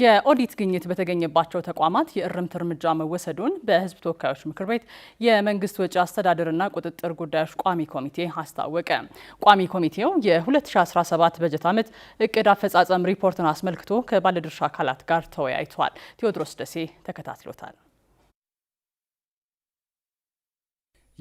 የኦዲት ግኝት በተገኘባቸው ተቋማት የእርምት እርምጃ መወሰዱን በሕዝብ ተወካዮች ምክር ቤት የመንግስት ወጪ አስተዳደርና ቁጥጥር ጉዳዮች ቋሚ ኮሚቴ አስታወቀ። ቋሚ ኮሚቴው የ2017 በጀት ዓመት እቅድ አፈጻጸም ሪፖርትን አስመልክቶ ከባለድርሻ አካላት ጋር ተወያይቷል። ቴዎድሮስ ደሴ ተከታትሎታል።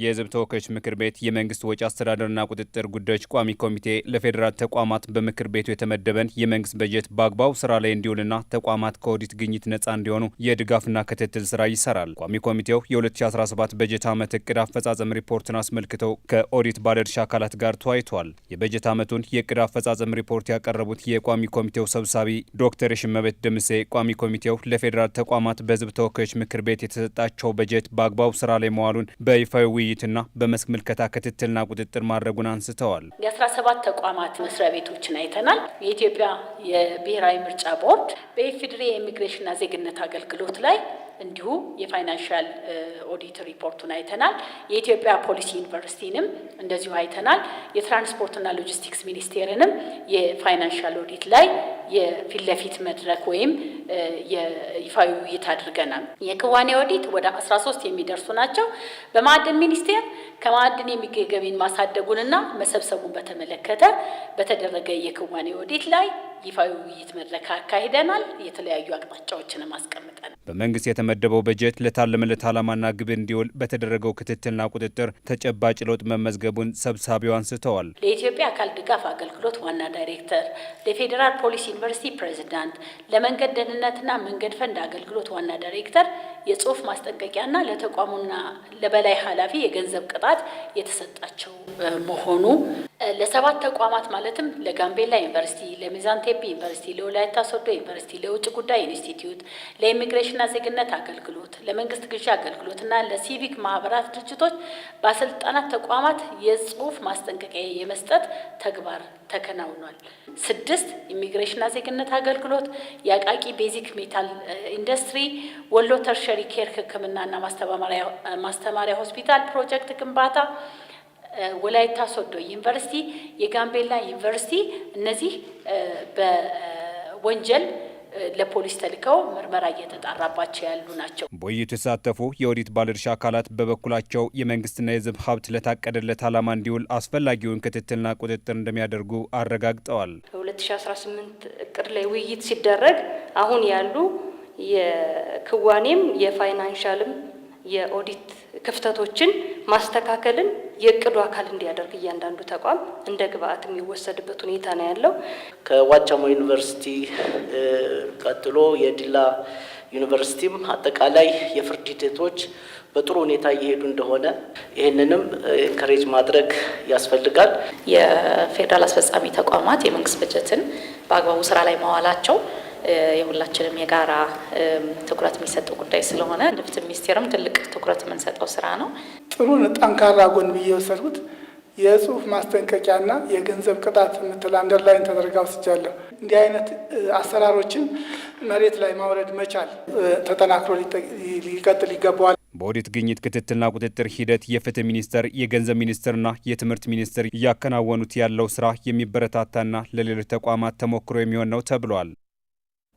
የህዝብ ተወካዮች ምክር ቤት የመንግስት ወጪ አስተዳደርና ቁጥጥር ጉዳዮች ቋሚ ኮሚቴ ለፌዴራል ተቋማት በምክር ቤቱ የተመደበን የመንግስት በጀት በአግባቡ ስራ ላይ እንዲውልና ተቋማት ከኦዲት ግኝት ነጻ እንዲሆኑ የድጋፍና ክትትል ስራ ይሰራል። ቋሚ ኮሚቴው የ2017 በጀት ዓመት እቅድ አፈጻጸም ሪፖርትን አስመልክተው ከኦዲት ባለድርሻ አካላት ጋር ተወያይቷል። የበጀት ዓመቱን የእቅድ አፈጻጸም ሪፖርት ያቀረቡት የቋሚ ኮሚቴው ሰብሳቢ ዶክተር ሽመበት ደምሴ ቋሚ ኮሚቴው ለፌዴራል ተቋማት በህዝብ ተወካዮች ምክር ቤት የተሰጣቸው በጀት በአግባቡ ስራ ላይ መዋሉን በይፋዊ ውይይትና በመስክ ምልከታ ክትትልና ቁጥጥር ማድረጉን አንስተዋል። የአስራ ሰባት ተቋማት መስሪያ ቤቶችን አይተናል። የኢትዮጵያ የብሔራዊ ምርጫ ቦርድ በኢፌዴሪ የኢሚግሬሽንና ዜግነት አገልግሎት ላይ እንዲሁ የፋይናንሻል ኦዲት ሪፖርቱን አይተናል። የኢትዮጵያ ፖሊሲ ዩኒቨርሲቲንም እንደዚሁ አይተናል። የትራንስፖርትና ሎጂስቲክስ ሚኒስቴርንም የፋይናንሻል ኦዲት ላይ የፊት ለፊት መድረክ ወይም የይፋዊ ውይይት አድርገናል። የክዋኔ ኦዲት ወደ 13 የሚደርሱ ናቸው። በማዕድን ሚኒስቴር ከማዕድን የሚገኝ ገቢን ማሳደጉንና መሰብሰቡን በተመለከተ በተደረገ የክዋኔ ኦዲት ላይ ይፋዊ ውይይት መድረክ አካሂደናል። የተለያዩ አቅጣጫዎችንም አስቀምጠናል። በመንግስት የተመደበው በጀት ለታለመለት ዓላማና ግብ እንዲውል በተደረገው ክትትልና ቁጥጥር ተጨባጭ ለውጥ መመዝገቡን ሰብሳቢው አንስተዋል። ለኢትዮጵያ አካል ድጋፍ አገልግሎት ዋና ዳይሬክተር፣ ለፌዴራል ፖሊስ ዩኒቨርሲቲ ፕሬዚዳንት፣ ለመንገድ ደህንነትና መንገድ ፈንድ አገልግሎት ዋና ዳይሬክተር የጽሁፍ ማስጠንቀቂያና ለተቋሙና ለበላይ ኃላፊ የገንዘብ ቅጣት የተሰጣቸው መሆኑ ለሰባት ተቋማት ማለትም ለጋምቤላ ዩኒቨርሲቲ፣ ለሚዛን ቴፒ ዩኒቨርሲቲ፣ ለወላይታ ሶዶ ዩኒቨርሲቲ፣ ለውጭ ጉዳይ ኢንስቲትዩት፣ ለኢሚግሬሽንና ዜግነት አገልግሎት፣ ለመንግስት ግዢ አገልግሎት እና ለሲቪክ ማህበራት ድርጅቶች ባለስልጣናት ተቋማት የጽሁፍ ማስጠንቀቂያ የመስጠት ተግባር ተከናውኗል። ስድስት ኢሚግሬሽንና ዜግነት አገልግሎት፣ የአቃቂ ቤዚክ ሜታል ኢንዱስትሪ፣ ወሎ ተርሸሪ ኬር ህክምናና ማስተማሪያ ሆስፒታል ፕሮጀክት ግንባታ ወላይታ ሶዶ ዩኒቨርሲቲ፣ የጋምቤላ ዩኒቨርሲቲ እነዚህ በወንጀል ለፖሊስ ተልከው ምርመራ እየተጣራባቸው ያሉ ናቸው። በውይይቱ የተሳተፉ የኦዲት ባለድርሻ አካላት በበኩላቸው የመንግስትና የሕዝብ ሀብት ለታቀደለት ዓላማ እንዲውል አስፈላጊውን ክትትልና ቁጥጥር እንደሚያደርጉ አረጋግጠዋል። በ2018 እቅድ ላይ ውይይት ሲደረግ አሁን ያሉ የክዋኔም የፋይናንሻልም የኦዲት ክፍተቶችን ማስተካከልን የእቅዱ አካል እንዲያደርግ እያንዳንዱ ተቋም እንደ ግብአት የሚወሰድበት ሁኔታ ነው ያለው። ከዋቻሞ ዩኒቨርሲቲ ቀጥሎ የዲላ ዩኒቨርሲቲም አጠቃላይ የፍርድ ሂደቶች በጥሩ ሁኔታ እየሄዱ እንደሆነ ይህንንም ኢንከሬጅ ማድረግ ያስፈልጋል። የፌዴራል አስፈጻሚ ተቋማት የመንግስት በጀትን በአግባቡ ስራ ላይ መዋላቸው የሁላችንም የጋራ ትኩረት የሚሰጠው ጉዳይ ስለሆነ ፍትህ ሚኒስቴርም ትልቅ ትኩረት የምንሰጠው ስራ ነው። ጥሩ ጠንካራ ጎን ብዬ የወሰድኩት የጽሁፍ ማስጠንቀቂያና የገንዘብ ቅጣት የምትል አንደርላይን ተደርጋ ወስጃለሁ። እንዲህ አይነት አሰራሮችን መሬት ላይ ማውረድ መቻል ተጠናክሮ ሊቀጥል ይገባዋል። በኦዲት ግኝት ክትትልና ቁጥጥር ሂደት የፍትህ ሚኒስቴር፣ የገንዘብ ሚኒስቴርና የትምህርት ሚኒስቴር እያከናወኑት ያለው ስራ የሚበረታታና ለሌሎች ተቋማት ተሞክሮ የሚሆን ነው ተብሏል።